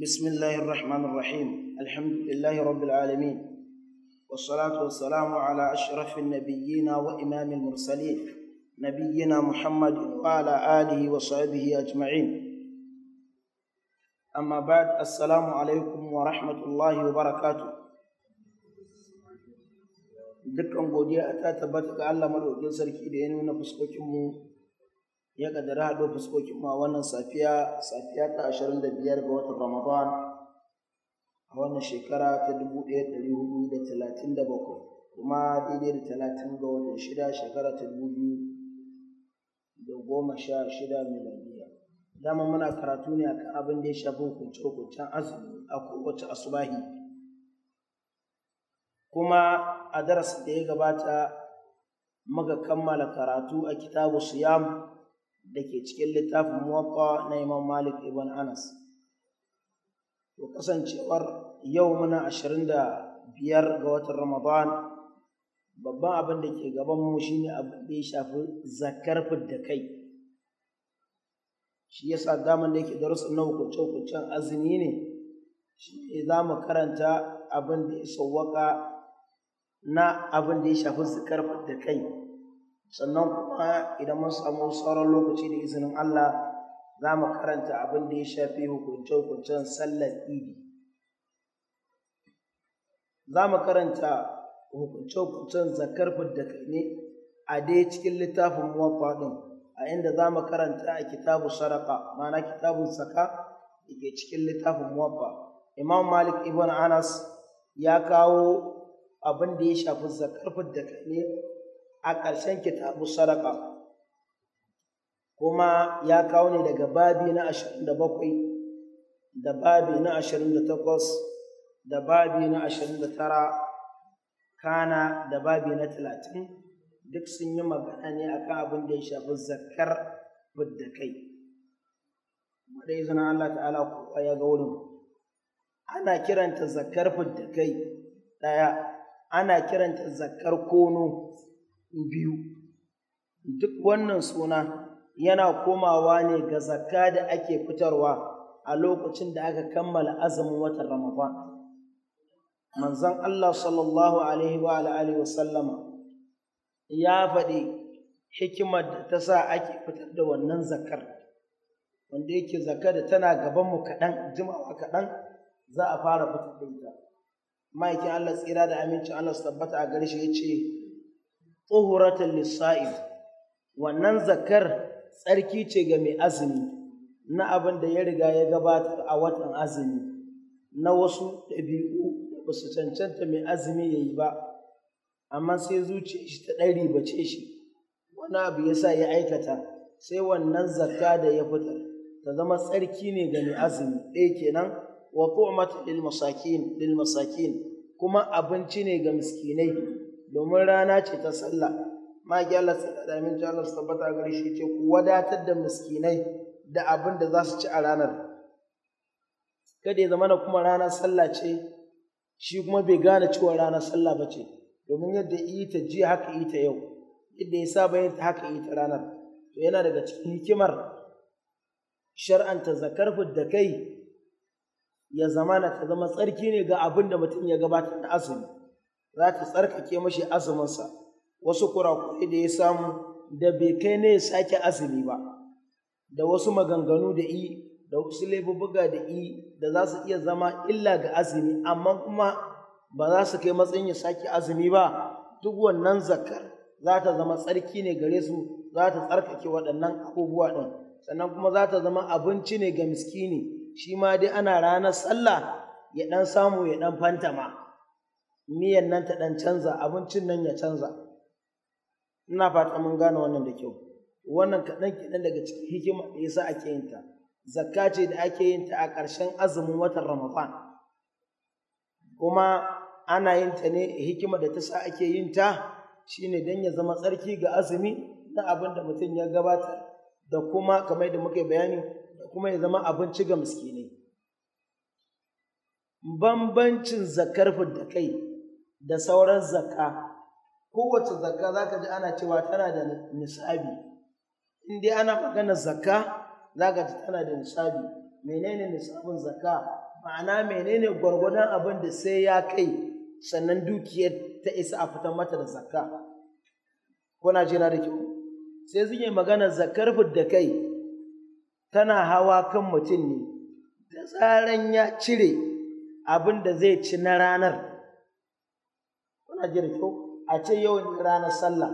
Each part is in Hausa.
بسم الله الرحمن الرحيم الحمد لله رب العالمين والصلاة والسلام على أشرف النبيين وإمام المرسلين نبينا محمد وعلى آله وصحبه أجمعين أما بعد السلام عليكم ورحمة الله وبركاته dukkan godiya ta tabbata ga Allah madaukakin sarki da ya nuna fuskokinmu ya kaddara haɗo fuskokin ma wannan safiya safiya ta ashirin da biyar ga watan ramadan a wannan shekara ta dubu ɗaya ɗari hudu da talatin da bakwai kuma daidai da talatin ga watan shida shekara ta dubu biyu da goma sha shida miladiya dama muna karatu ne akan abin da ya shafi hukunce-hukuncen azumi a kowace asubahi kuma a darasin da ya gabata muka kammala karatu a kitabu siyam da ke cikin littafin muwatta na imam malik ibn anas to kasancewar yau muna ashirin da biyar ga watan ramadan babban abin da ke gabanmu shine abin da ya shafi zakar da kai shi yasa daman da yake darasa na hukunce-hukuncen azumi ne shi za mu karanta abin da ya sauwaka na abin da ya shafi zakar da kai sannan kuma idan mun samu sauran lokaci da izinin Allah za mu karanta abin da ya shafi hukunce-hukuncen sallar idi za mu karanta hukunce-hukuncen zakar da ne a dai cikin littafin muwaffa ɗin a inda za mu karanta a kitabu saraka ma'ana kitabun saka da ke cikin littafin muwaffa imam malik ibn anas ya kawo abin da ya shafi zakar da ne a ƙarshen kitabu sadaka kuma ya kawo ne daga babi na 27 da babi na 28 da babi na 29 kana da babi na 30 duk sun yi magana ne a kan abin da ya shafi zakar budda kai da zana Allah ta'ala kowa ya ga wurin ana kiranta zakar budda kai ɗaya ana kiranta zakar kono biyu duk wannan suna yana komawa ne ga zakka da ake fitarwa a lokacin da aka kammala azumin watan Ramadan manzon Allah sallallahu alaihi wa alihi wa sallama ya faɗi hikimar da ta sa ake fitar da wannan zakkar. wanda yake zakar da tana gaban mu kaɗan jimawa kaɗan za a fara fitar da ita ma'aikin Allah tsira da amincin Allah su tabbata a gare shi ya ce tsohuratan lissa'i wannan zakar tsarki ce ga mai azumi na abin da ya riga ya gabatar a watan azumi na wasu ɗabi'u ba su cancanta mai azumi ya yi ba amma sai zuciya shi ta ɗari bace shi wani abu ya sa ya aikata sai wannan zakka da ya fitar ta zama tsarki ne ga mai azumi ɗaya kenan wa tu'mat lil masakin lil masakin kuma abinci ne ga miskinai domin rana ce ta sallah ki Allah sai da damin ta Allah su tabbata shi ce ku wadatar da miskinai da abin da za su ci a ranar kada ya zama na kuma rana sallah ce shi kuma bai gane cewa ranar sallah ba ce domin yadda yi ta ji haka yi ta yau yadda ya saba yin ta haka yi ta ranar to yana daga cikin hikimar shar'anta zakar da kai ya zama na ta zama tsarki ne ga abin da mutum ya gabatar da azumi za ta tsarkake mashi azuminsa wasu kurakurai da ya samu da bai kai ne ya sake azumi ba da wasu maganganu da i da wasu laifuka da i da za su iya zama illa ga azumi amma kuma ba za su kai matsayin ya sake azumi ba duk wannan zakar za ta zama tsarki ne gare su za ta tsarkake waɗannan abubuwa ɗin sannan kuma za ta zama abinci ne ga miskini shi ma dai ana ranar sallah ya ɗan samu ya ɗan fantama miyan nan ta ɗan canza abincin nan ya canza ina fata mun gane wannan da kyau wannan kaɗan kaɗan daga cikin hikima da yasa ake yin ta zakka ce da ake yin ta a ƙarshen azumin watan ramadan kuma ana yin ta ne hikima da ta sa ake yin ta shine dan ya zama tsarki ga azumi na abin da mutum ya gabata da kuma kamar da muka bayani da kuma ya zama abinci ga miskini bambancin zakar da kai da sauran zakka kowace zakka za ka ji ana cewa tana da nisabi inda ana maganar zakka za ka ji tana da nisabi menene nisabin zakka ma'ana menene gwargwadon abin da sai ya kai sannan dukiyar ta isa a fitar mata da zakka kuna jira da kyau sai zan magana zakar zakkar da kai tana hawa kan mutum ne da zaran ya cire abin da zai ci na ranar kuna a ce yau ranar sallah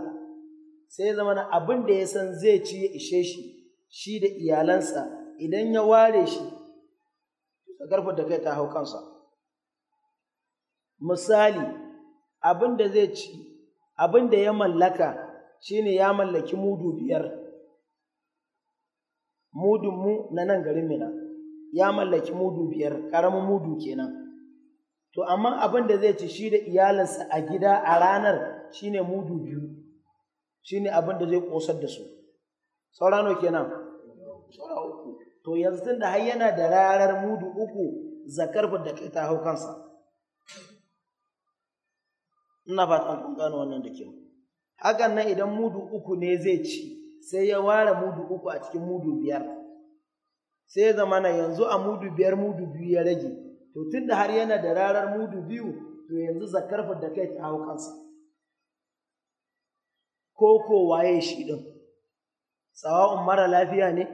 sai zama na abin da ya san zai ci ya ishe shi shi da iyalansa idan ya ware shi da ƙarfin da kai ta hau kansa misali abin da zai ci abin da ya mallaka shine ya mallaki mudu biyar mudunmu na nan garin mina ya mallaki mudu biyar ƙaramin mudu kenan to amma abin da zai ci shi da iyalinsa a gida a ranar shine mudu biyu shine abin da zai kosar da su saura nawa kenan saura uku to yanzu da har yana da rarar mudu uku zakar da kai ta hau kansa ina fatan kun gano wannan da kyau hakan nan idan mudu uku ne zai ci sai ya ware mudu uku a cikin mudu biyar sai ya zama na yanzu a mudu biyar mudu biyu ya rage to tun da har yana da rarar mudu biyu to yanzu zakar da kai ta hau kansa ko ko waye shi din sawa'un mara lafiya ne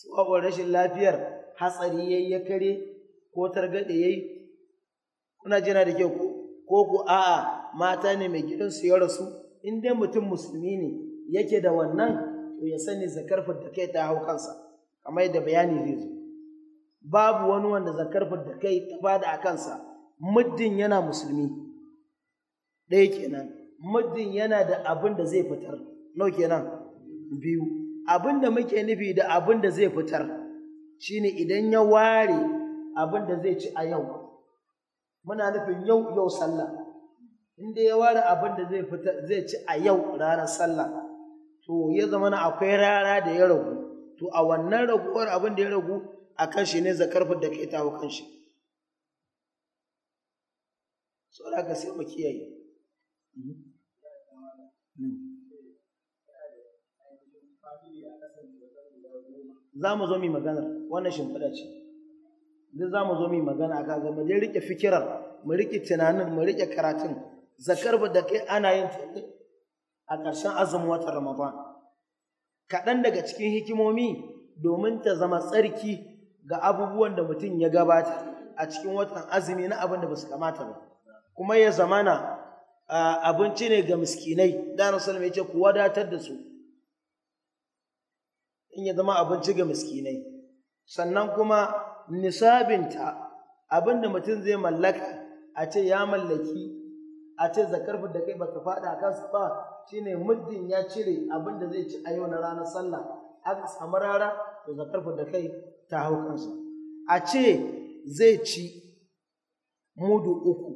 sawa'un rashin lafiyar hatsari yayi ya kare ko targade yayi kuna jina da kyau ko ko a'a mata ne mai gidan su ya rasu in dai mutum musulmi ne yake da wannan to ya sani zakar da kai ta hau kansa kamar yadda bayani zai zo babu wani wanda zakar fadda kai ta fada a kansa muddin yana musulmi ɗaya kenan muddin yana da abin da zai fitar nau kenan biyu abin da muke nufi da abin da zai fitar shine idan ya ware abin da zai ci a yau muna nufin yau yau sallah inda ya ware abin da zai fitar zai ci a yau ranar sallah to ya zama na akwai rara da ya ragu to a wannan raguwar abin da ya ragu a kan shi ne zakar da ke tawo kan shi saboda ga sai mu kiyaye za mu zo mai magana wannan fada ce duk za mu zo mai magana a ga, mu rike fikirar mu rike tunanin mu rike karatun zakar da kai ana yin a ƙarshen azumin watan ramadan kaɗan daga cikin hikimomi domin ta zama tsarki ga abubuwan da mutum ya gabata a cikin watan azumi na abin da ba su kamata ba kuma ya zamana abinci ne ga miskinai da salama ya ce ku wadatar da su in ya zama abinci ga miskinai sannan kuma nisabinta abin da mutum zai mallaka a ce ya mallaki a ce zakar da kai baka faɗa a kansu ba shine muddin ya cire abin da zai ci a yau na ranar sallah aka samu rara to zakar da kai ta hau kansa a ce zai ci mudu uku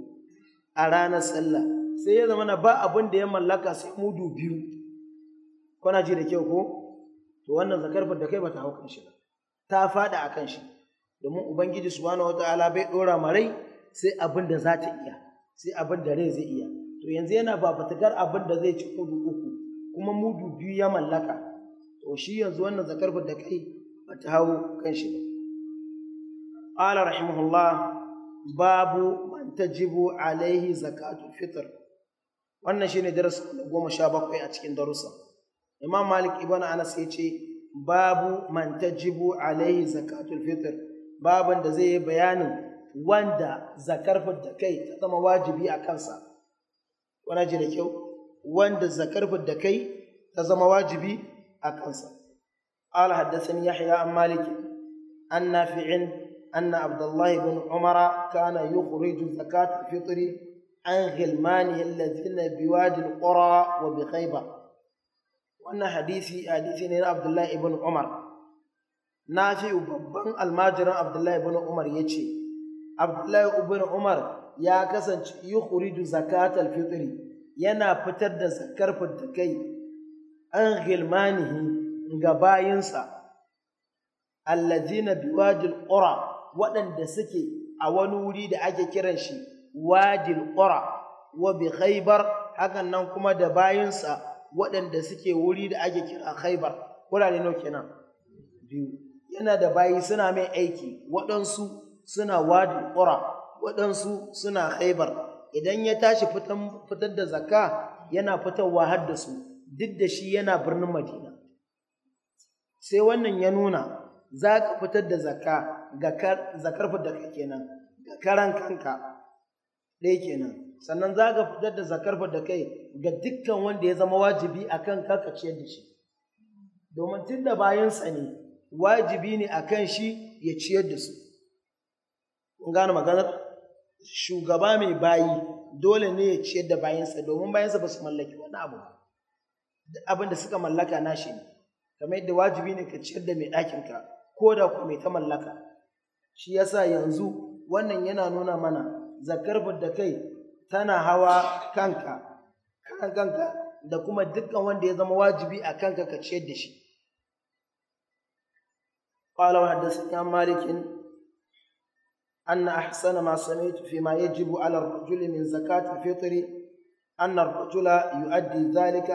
a ranar sallah sai ya zama na ba abin da ya mallaka sai mudu biyu kwana ji da kyau ko to wannan zakar da kai ba ta hau kanshi ba ta fada a kanshi domin ubangiji subhanahu wataala bai dora marai sai abin da za ta iya sai abin da rai zai iya to yanzu yana ba fatakar abin da zai ci mudu uku kuma mudu biyu ya mallaka to shi yanzu wannan zakar da kai ba ta hau kan shi ba qala rahimahullah babu man tajibu alaihi zakatu fitr wannan shine darasi goma sha bakwai a cikin darussa imam malik ibn anas ya ce babu man tajibu alaihi zakatu fitr baban da zai yi bayanin wanda zakar da kai ta zama wajibi a kansa wani ji da kyau wanda zakar da kai ta zama wajibi a kansa قال حدثني يحيى عن مالك عن نافع أن عبد الله بن عمر كان يخرج زكاة الفطر عن غلمانه الذين بوادي القرى وبخيبر وأن حديثي حديثي عبد الله بن عمر نافع babban almajiran abdullahi ibn umar ya ce abdullahi ibn umar ya kasance yukhridu zakatal fitri yana fitar da zakar fitakai an gilmanihi ga bayinsa allazina biwajil qura waɗanda suke a wani wuri da ake kiran shi wajil qura wa bi khaybar hakan nan kuma da bayinsa waɗanda suke wuri da ake kira khaybar kurare nawa kenan biyu yana da bayi suna mai aiki waɗansu suna wajil qura waɗansu suna khaybar idan ya tashi fitar da zakka yana fitarwa har da su duk da shi yana birnin madina sai wannan ya nuna za ka fitar da zaka ga zakar da ka kenan ga karan kanka ɗaya kenan sannan za ka fitar da zakar da kai ga dukkan wanda ya zama wajibi a kan ka ciyar da shi domin tun da bayansa ne wajibi ne a kan shi ya ciyar da su kun gane maganar shugaba mai bayi dole ne ya ciyar da bayansa domin bayansa ba su mallaki wani abu abin da suka mallaka nashi ne kamar yadda wajibi ne ka ciyar da mai ɗakin ka ko da ku mai ta mallaka shi yasa yanzu wannan yana nuna mana zakar da kai tana hawa kanka kan kanka da kuma dukkan wanda ya zama wajibi a kanka ka ciyar da shi قال وحدثني عن مالك أن أحسن ما سمعت فيما يجب على الرجل من زكاة الفطر أن الرجل يؤدي ذلك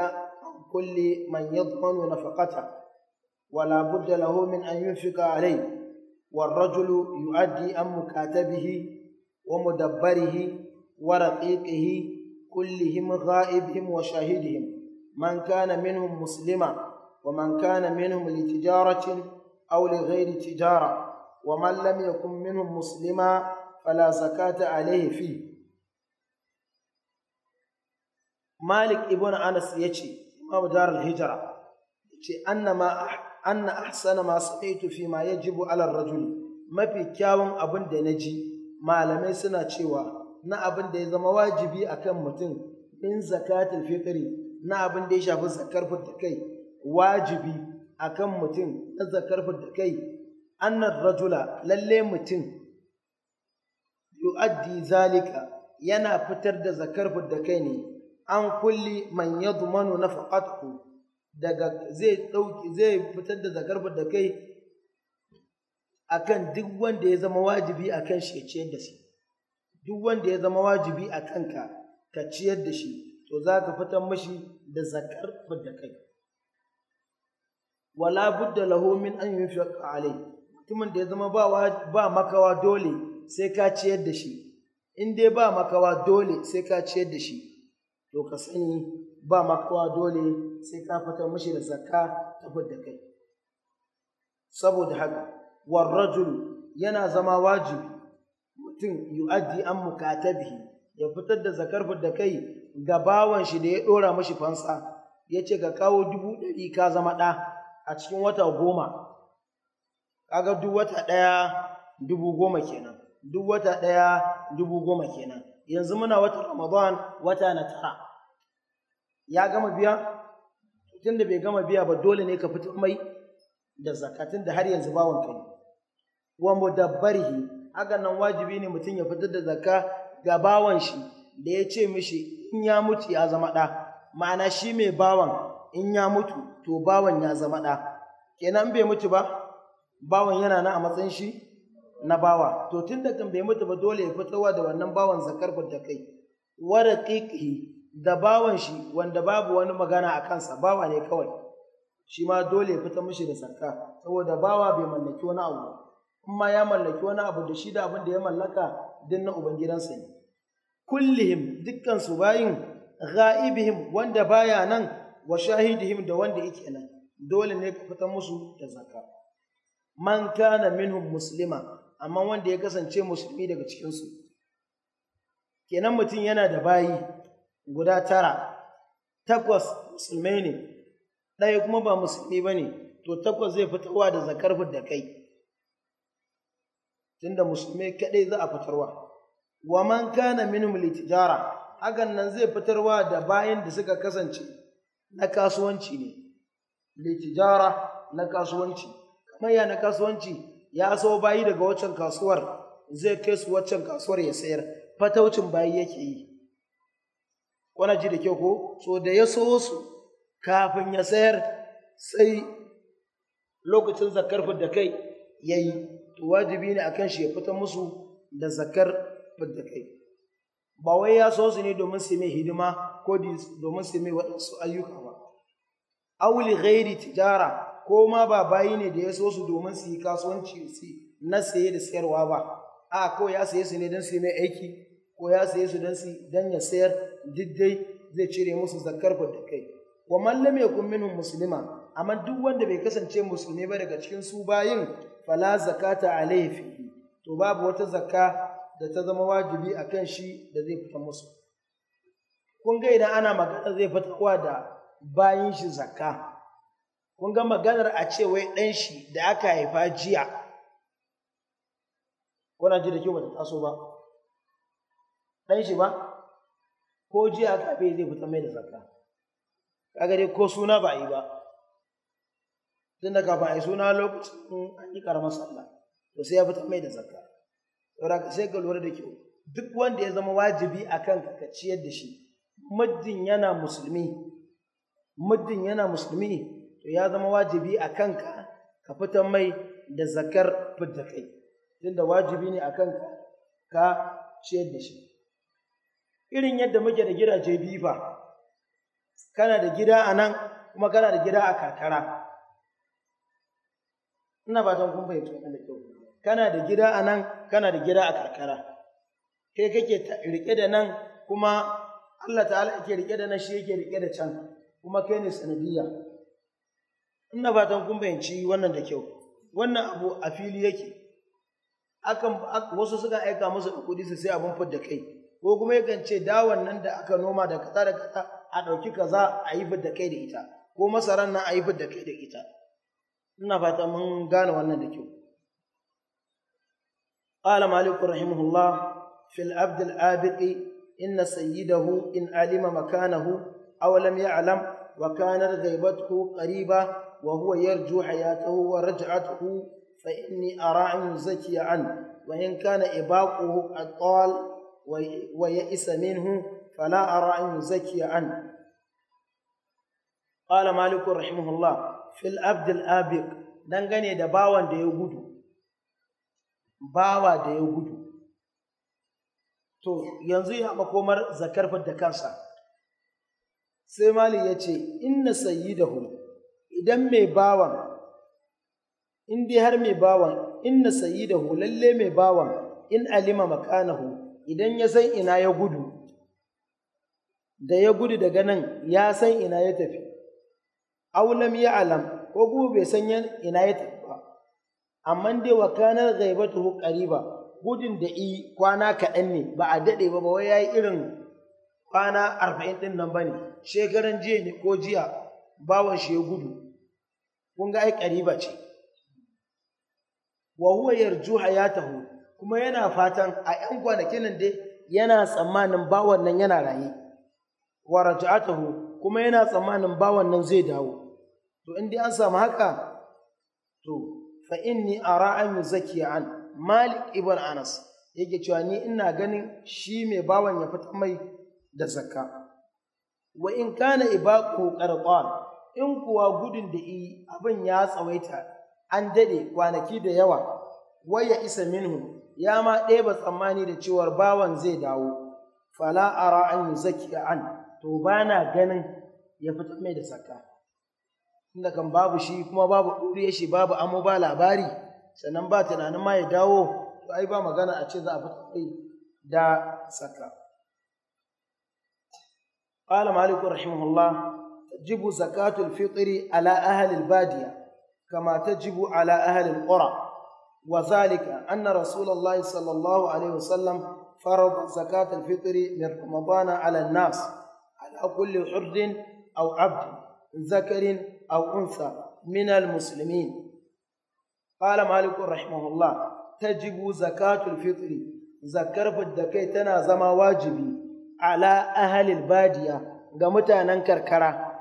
كل من يضمن نفقتها ولا بد له من أن ينفق عليه والرجل يؤدي أم مكاتبه ومدبره ورقيقه كلهم غائبهم وشاهدهم من كان منهم مسلما ومن كان منهم لتجارة أو لغير تجارة ومن لم يكن منهم مسلما فلا زكاة عليه فيه مالك ابن أنس يشي dar al hijra ce annama anna ahsana ma sami'tu fi ma yajibu ala ar-rajul mafi kyawun abin da naji malamai suna cewa na abin da ya zama wajibi akan mutum in zakatul fitri na abin da ya shafi zakar fitta kai wajibi akan mutum na zakar fitta kai annar rajula lalle mutum yu'addi zalika yana fitar da zakar fitta kai ne an kulli man na faƙatku daga zai ɗauki zai fitar da zagarba da kai a kan duk wanda ya zama wajibi akan shi ya ciyar da shi duk wanda ya zama wajibi a kanka ka ciyar da shi to za ka fitar mashi da zagarba da kai wala budda lahu min an yunfiqa alai mutumin da ya zama ba ba makawa dole sai ka ciyar da shi in dai ba makawa dole sai ka ciyar da shi to ka sani ba makawa dole sai ka fitar mashi da zakka ta da kai saboda haka warrajul yana zama wajibi mutum yu'addi an mukatabihi ya fitar da zakar da kai ga bawan shi da ya dora mashi fansa ya ce ka kawo dubu ɗari ka zama ɗa a cikin wata goma kaga duk wata ɗaya dubu goma kenan duk wata ɗaya dubu goma kenan yanzu muna watan Ramadan wata na tara ya gama biya tun da bai gama biya ba dole ne ka fito mai da zakatun da har yanzu bawon kai wa mudabbarihi haka nan wajibi ne mutum ya fitar da zakka ga bawan shi da ya ce mishi in ya mutu ya zama ɗa ma'ana shi mai bawan in ya mutu to bawan ya zama ɗa kenan bai mutu ba bawan yana na a matsayin shi na bawa to tun da kan bai mutu ba dole ya fitowa da wannan bawan zakar da kai wa da bawan shi wanda babu wani magana a kansa bawa ne kawai shi ma dole ya fita mishi da zakka saboda bawa bai mallaki wani abu kuma ya mallaki wani abu da shi da abin da ya mallaka dinna na ubangidansa ne kullihim dukkan su bayin ghaibihim wanda baya nan wa shahidihim da wanda yake nan dole ne ka fita musu da zakka man kana minhum muslima amma wanda ya kasance musulmi daga cikinsu kenan mutum yana da bayi guda tara takwas musulmai ne ɗaya kuma ba musulmi ba ne to takwas zai fitarwa da zakar da kai tunda musulmai kaɗai za a fitarwa wa man kana minhum litijara hakan nan zai fitarwa da bayan da suka kasance na kasuwanci ne litijara na kasuwanci kamar ya na kasuwanci ya so bayi daga waccan kasuwar zai kai su waccan kasuwar ya sayar fataucin bayi yake yi wana ji da kyau ko so da ya so su kafin ya sayar sai lokacin zakar da kai ya yi to wajibi ne akan shi ya fita musu da zakar da kai ba wai ya so su ne domin su mai hidima ko domin su mai waɗansu ayyuka ba auli ghairi tijara ko ma ba bayi ne da ya so su domin su yi kasuwanci su na saye da sayarwa ba a ko ya saye su ne don su yi mai aiki ko ya saye su don su don ya sayar diddai zai cire musu zakar da kai wa mallam ya kun minhum muslima amma duk wanda bai kasance musulmi ba daga cikin su bayin fala zakata alaihi fihi to babu wata zakka da ta zama wajibi akan shi da zai fita musu kun ga idan ana magana zai fitawa da bayin shi zakka kun ga maganar a ce wai ɗan shi da aka haifa jiya kuna ji da kyau bata taso ba ɗan shi ba ko jiya aka haife zai fita mai da zakka kaga dai ko suna ba a yi ba tunda kafin a yi suna lokacin an yi karamar sallah to sai ya fita mai da zakka Yau sai ka lura da kyau duk wanda ya zama wajibi akan ka ciyar da shi muddin yana musulmi muddin yana musulmi to ya zama wajibi a kanka ka fitar mai da zakar fidda kai tunda wajibi ne a kanka ka ciyar da shi irin yadda muke da gidaje biyu fa kana da gida a nan kuma kana da gida a karkara ina fatan kun fahimci wannan da kyau kana da gida a nan kana da gida a karkara kai kake rike da nan kuma Allah ta'ala yake rike da nan shi yake rike da can kuma kai ne sanadiyya ina fatan kun fahimci wannan da kyau wannan abu a fili yake akan wasu suka aika musu da kuɗi su sai abin fidda kai ko kuma yakan ce dawan nan da aka noma da kaza da kaza a ɗauki kaza a yi fidda kai da ita ko masaran nan a yi fidda kai da ita ina fatan mun gane wannan da kyau قال مالك رحمه الله في العبد العابق إن سيده إن علم مكانه أو لم يعلم وكانت غيبته قريبة وهو يرجو حياته ورجعته فإني أرى أن يزكي عنه وإن كان إباقه أطال ويئس منه فلا أرى أن يزكي عنه قال مالك رحمه الله في الأبد الآبق دنغني دباوا دا يغدو باوا دا يغدو to yanzu ya makomar zakar da kansa sai mali ya ce inna sayyidahu idan mai bawan in dai har mai bawan inna sayyidahu lalle mai bawan in alima makanahu idan ya san ina ya gudu da ya gudu daga nan ya san ina ya tafi aulam ya alam ko kuma bai san ina ya tafi ba amma dai wa kanar ghaibatuhu qariba gudun da i kwana kaɗan ne ba a daɗe ba wai yayi irin kwana arba'in ɗin nan bane shekaran jiya ne ko jiya bawan shi ya gudu kun ga ai ƙariba ce wa huwa yarju hayatahu kuma yana fatan a 'yan gwanakin nan dai yana tsammanin bawan nan yana raye wa raj'atahu kuma yana tsammanin bawan nan zai dawo to in dai an samu haka to fa inni ara an yuzakiya an malik ibn anas yake cewa ni ina ganin shi mai bawan ya fita mai da zakka wa in kana ibaqu qarqan in kuwa gudun da yi abin ya tsawaita an daɗe kwanaki da yawa wai ya isa minhu ya ma ɗeba tsammani da cewar bawan zai dawo fala ara an yi zaki an to ba na ganin ya fitar mai da saka inda kan babu shi kuma babu ɗuriya shi babu amo ba labari sannan ba tunanin ma ya dawo to ai ba magana a ce za a fitar mai da saka قال مالك رحمه تجب زكاة الفطر على أهل البادية كما تجب على أهل القرى وذلك أن رسول الله صلى الله عليه وسلم فرض زكاة الفطر من رمضان على الناس على كل حر أو عبد ذكر أو أنثى من المسلمين قال مالك رحمه الله تجب زكاة الفطر ذكر فدكي زما واجبي على أهل البادية ga ننكر karkara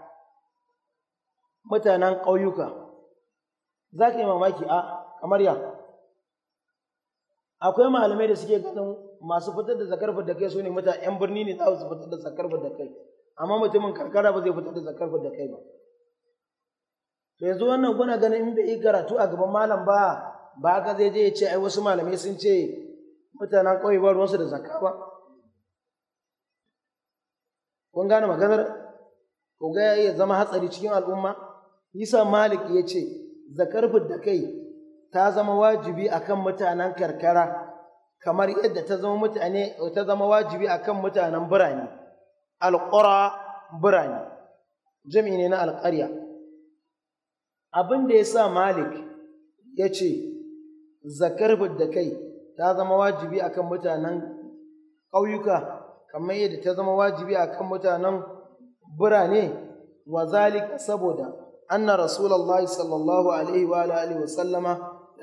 mutanen ƙauyuka za ka yi mamaki a kamar ya akwai malamai da suke ganin masu fitar da zakar da kai su ne mutane 'yan birni ne za su fitar da zakar da kai amma mutumin karkara ba zai fitar da zakar da kai ba to yanzu wannan kuna ganin in bai yi karatu a gaban malam ba ba ka zai je ya ce ai wasu malamai sun ce mutanen ƙauye ba ruwansu da zakka ba kun gane maganar ko ga ya zama hatsari cikin al'umma Isa Malik ya ce, zakar da kai ta zama wajibi akan mutanen karkara kamar yadda ta zama mutane ta zama wajibi akan mutanen birane alƙura birane jami'i ne na alƙarya. abin da sa malik ya ce, zakar da kai ta zama wajibi akan mutanen ƙauyuka kamar yadda ta zama wajibi akan mutanen birane wa zalika saboda anna rasulullahi sallallahu alaihi wa alihi wa sallama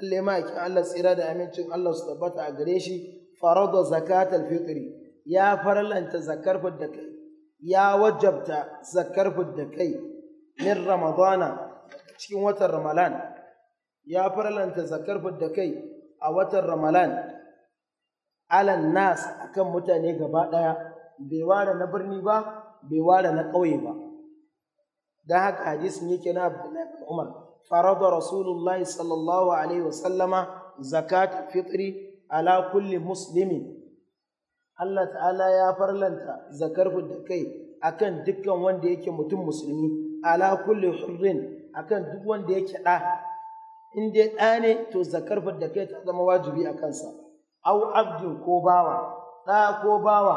lalle ma'aikin Allah tsira da amincin Allah su tabbata a gare shi farada zakatal fitri ya farlanta zakar fidda kai ya wajabta zakar fidda kai min ramadana cikin watan ramadan ya farlanta zakar fidda kai a watan ramadan alan nas kan mutane gaba ɗaya bai ware na birni ba bai na ƙauye ba don haka hadisin yake na Abdullahi Umar farada Rasulullahi sallallahu alaihi wasallama zakat fitri ala kulli muslimi Allah ta'ala ya farlanta zakar da kai akan dukkan wanda yake mutum musulmi ala kulli hurrin akan duk wanda yake ɗa in dai ɗa ne to zakar da kai ta zama wajibi a kansa au abdu ko bawa ɗa ko bawa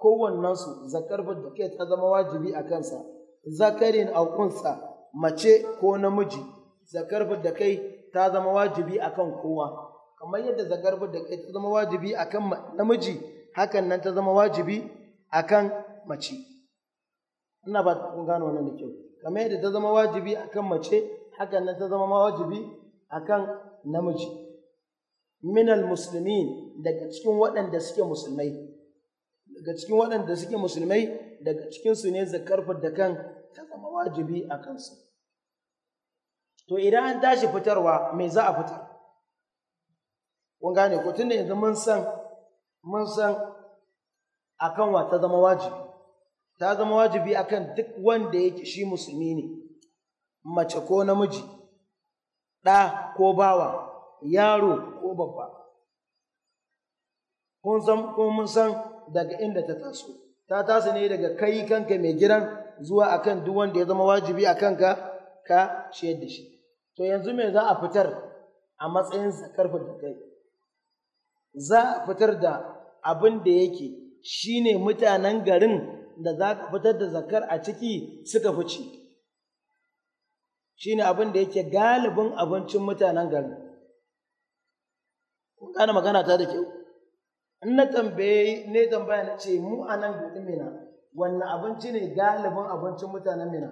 kowannensu zakar da kai ta zama wajibi a kansa zakarin aw unsa mace ko namiji zakar da kai ta zama wajibi akan kowa kamar yadda zakar da kai ta zama wajibi akan namiji hakan nan ta zama wajibi akan mace ina ba kun gano wannan da kyau kamar yadda ta zama wajibi akan mace hakan nan ta zama wajibi akan namiji minal muslimin daga cikin waɗanda suke musulmai daga cikin waɗanda suke musulmai daga cikinsu ne zakar da kan ta zama wajibi a kansa. to idan an tashi fitarwa me za a fitar kun gane ko tunda yanzu mun san mun san akan wa ta zama wajibi ta zama wajibi akan duk wanda yake shi musulmi ne mace ko namiji ɗa ko bawa yaro ko babba kun san ko mun san daga inda ta taso ta taso ne daga kai kanka mai gidan zuwa akan duk wanda ya zama wajibi a kanka ka shayar da shi to yanzu me za a fitar a matsayin zakar kai za a fitar da abin da yake shine mutanen garin da za ka fitar da zakar a ciki suka fice shine abin da yake galibin abincin mutanen garin kun magana ta da kyau in na tambaye ne tambaya na ce mu a nan gudun wanne abinci ne galibin abincin mutanen mina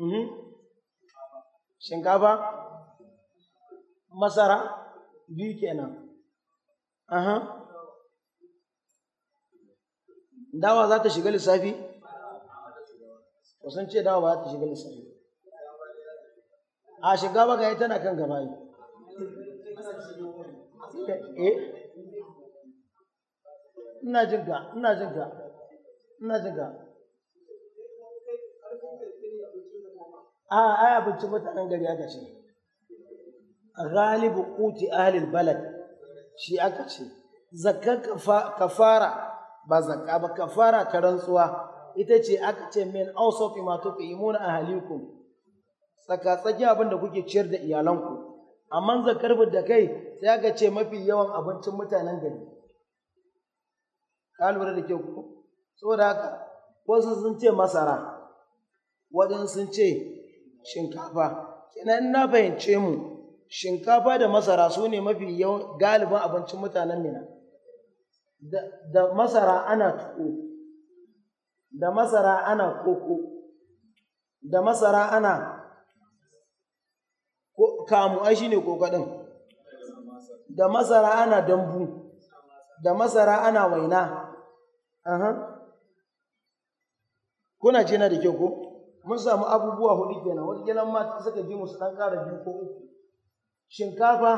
mhm. shinkafa masara biyu kenan aha dawa za ta shiga lissafi sun ce dawa ba za ta shiga lissafi a shiga baka yi tana kan gaba yi eh ina jin ga ina jin ga ina jin ga a ai abincin mutanen gari aka ce Galibu Kuti ahlil balad shi aka ce Zakar kafara ba zakka ba kafara ta rantsuwa ita ce aka ce min ausati ma tuqimuna ahlikum tsaka tsaki abin da kuke ciyar da iyalanku amma zakar da kai sai aka ce mafi yawan abincin mutanen gari ka lura da kyau ko saboda haka wasu sun ce masara waɗansu sun ce shinkafa kenan na fahimce mu shinkafa da masara su ne mafi galibin abincin mutanen mina da masara ana tuko da masara ana koko da masara ana kamu ai ne kokaɗin da masara ana dambu da masara ana waina aha kuna ce na da kyau ko mun samu abubuwa hudu kenan wani gidan ma suka bi musu dan ƙara biyu ko uku shinkafa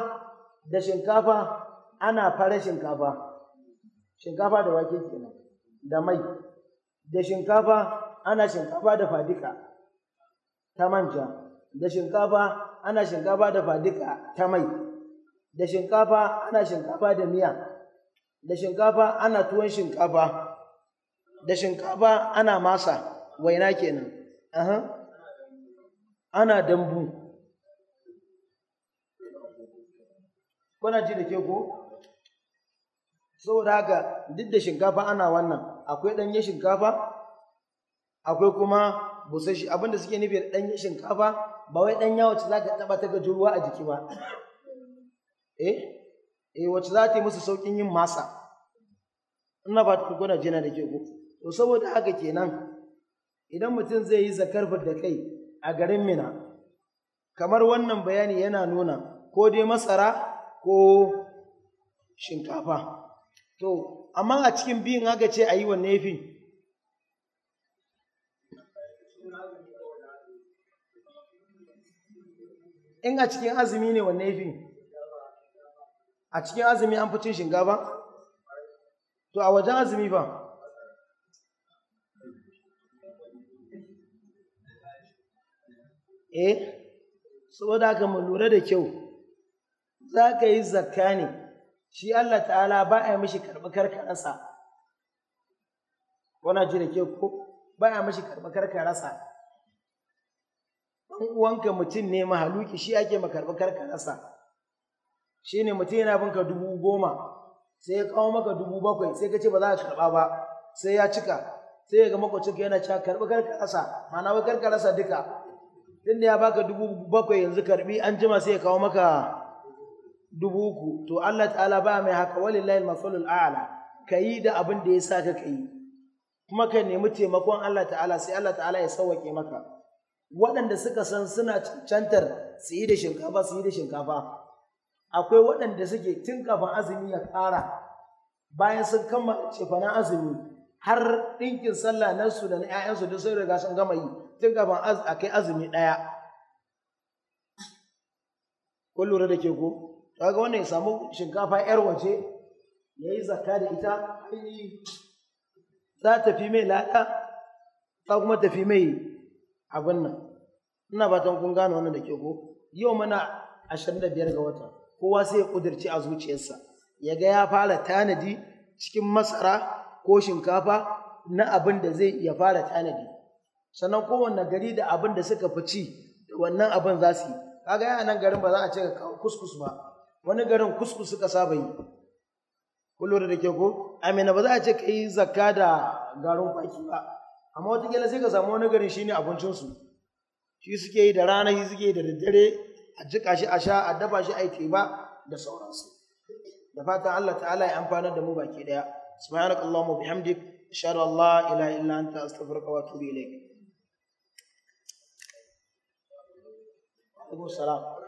da shinkafa ana fara shinkafa shinkafa da wake kenan da mai da shinkafa ana shinkafa da fadika ta manja da shinkafa ana shinkafa da fadika ta mai da shinkafa ana shinkafa da miya da shinkafa ana tuwon shinkafa da shinkafa ana masa waina kenan aha ana dambu kuna ji da ke ko saboda haka duk da shinkafa ana wannan akwai ɗanyen shinkafa akwai kuma busashi abinda suke nufi da ɗanyen shinkafa ba wai ɗanya wacce za ka taɓa ta gaji ruwa a jiki ba eh eh wacce za ta yi musu sauƙin yin masa ina ba ta kuna jina da ke ko to saboda haka kenan idan mutum zai yi zakar da kai a garin mina kamar wannan bayani yana nuna ko dai masara ko shinkafa to amma a cikin biyun haka ce a yi wanne ya fi in a cikin azumi ne wanne ya fi a cikin azumi an fi cin shinkafa to a wajen azumi ba eh saboda ka mu lura da kyau za ka yi zakka ne shi Allah ta'ala ba a yi mishi karɓar karkararsa wana ji da kyau ko ba a mishi karɓar karkararsa ɗan uwanka mutum ne mahaluki shi ake ma karɓar karkararsa shi ne mutum yana binka dubu goma sai ya kawo maka dubu bakwai sai ka ce ba za ka karɓa ba sai ya cika sai ya ga makwacinka yana cewa Karɓar karkararsa ma'ana wai karkararsa duka din da ya baka dubu bakwai yanzu karbi an jima sai ya kawo maka dubu uku to Allah ta'ala ba mai haka walillahi al-masalul a'la kayi da abin da ya saka kayi kuma ka nemi taimakon Allah ta'ala sai Allah ta'ala ya sauke maka waɗanda suka san suna cancantar su yi da shinkafa su yi da shinkafa akwai waɗanda suke tun kafin azumi ya ƙara bayan sun kammala cefanen azumi har ɗinkin sallah su da na 'ya'yansu da sun riga sun gama yi tun kafin a kai azumi ɗaya kun lura da ke ko kaga wannan ya samu shinkafa yar waje ya yi zakka da ita za ta fi mai lada ta kuma ta fi mai abin nan ina fatan kun gano wannan da ke ko yau mana 25 ga wata kowa sai ya kudirci a zuciyarsa ya ga ya fara tanadi cikin masara ko shinkafa na abin da zai ya fara tanadi sannan kowanne gari da abin da suka fi ci wannan abin za su yi kaga yana nan garin ba za a ce kuskus ba wani garin kuskus suka saba yi kullum da ke ko amina ba za a ce ka yi zakka da garin kwaki ba amma watakila sai ka samu wani garin shine abincinsu shi suke yi da rana shi suke yi da daddare a jika shi a sha a dafa shi aiki ba da sauransu da fatan Allah ta'ala ya amfanar da mu baki daya subhanakallahumma bihamdik ashhadu an la ilaha illa anta astaghfiruka wa atubu ilayk Salam